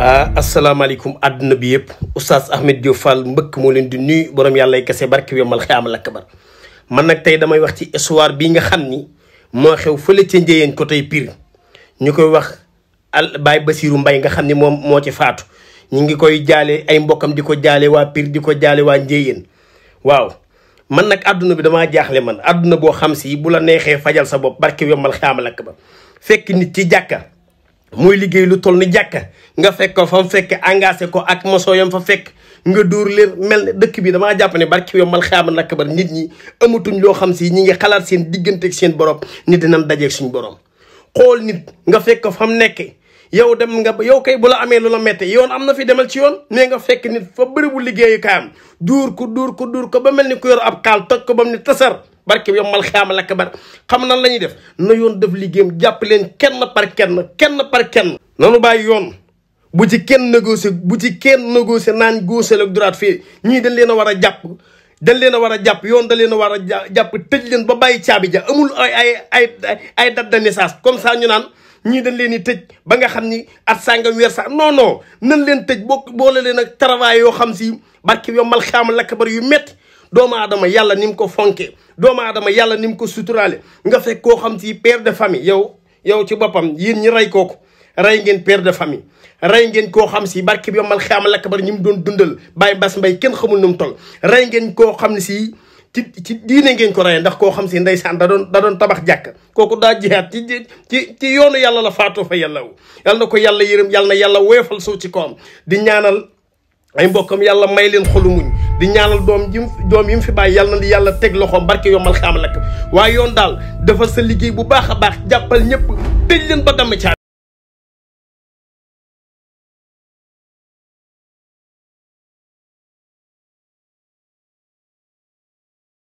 Ah, asalaamaaleykum àdduna bi yëpp oustaz Ahmed Diop Fall mbëkk moo leen di nuyu borom yàlla ay kese barke bi yombal xiyaamal akbar man nag tey damay wax ci histoire bii nga xam ni moo xew fële ci njëyeen ko tey Pire ñu koy wax bay Baye mbay nga xam ni moom moo ci faatu ñu ngi koy jaale ay mbokkam di ko jaale waa Pire di ko jaale waa njëyeen waaw. man nag àdduna bi damaa jaaxle man àdduna boo xam si bu la neexee fajal sa bopp barke bi yombal xiyaamal akbar fekk nit ci jàkka. muy liggéey lu toll ni jàkka nga fekk ko fa mu fekk engagé ko ak maçon yam fa fekk nga duur leen mel ne dëkk bi damaa jàpp ne barki yow mal xaama nit ñi amatuñ loo xam si ñi ngi xalaat seen diggante seen borom nit dinañ dajeeg suñ borom. xool nit nga fekk fa mu nekk yow dem nga yow kay bu la amee lu yoon am na demal ci yoon mais nga fekk nit foofu bëri bu liggéeyu kaayam dóor ko duur ko dóor ko ba mel ni ku yor ab kaal toj ko ba mu ne tasar barke yombal xeama lakk bar xam nan la ñuy def na yoon def liggéeyam jàpp leen kenn par kenn kenn par kenn nanu bàyyi yoon bu ci kenn négocier bu ci kenn négocier naan gauche ak droite fii ñii dañ leen a war a jàpp dañ leen a war a jàpp yoon da leen a war a jàpp tëj leen ba bàyyi caabi ja amul ay ay ay ay de naissance comme ça ñu naan ñii dañ leen di tëj ba nga xam ni at sàngam weer sa non non nan leen tëj boo boole leen ak travail yoo xam si barke yombal xeama lakk bar yu métti doomu aadama yàlla ni mu ko fonke doomu yàlla ni mu ko suturaale nga fekk koo xam si père de famille yow yow ci boppam yéen ñi rey kooku rey ngeen père de famille rey ngeen koo xam si barke bi yomal xeama lakk bar ñi mu doon dundal bàyyi bas mbay xamul nu mu toll rey ngeen xam ne si ci ci diine ngeen ko reyee ndax koo xam si ndeysaan da doon da doon tabax jàkk kooku daa jihaat ci ci yoonu yàlla la faatoo fa yàlla wu yàlla na ko yàlla yërëm yàlla na yàlla woyofal suuf ci kawam di ñaanal ay mbokkam yàlla may leen xolu di ñaanal doom ji doom yi mu fi bàyyi yàlla na yàlla teg loxoom barke yombal xaamal ak waaye yoon daal dafa sa liggéey bu baax a baax jàppal ñëpp tëj leen ba damm caa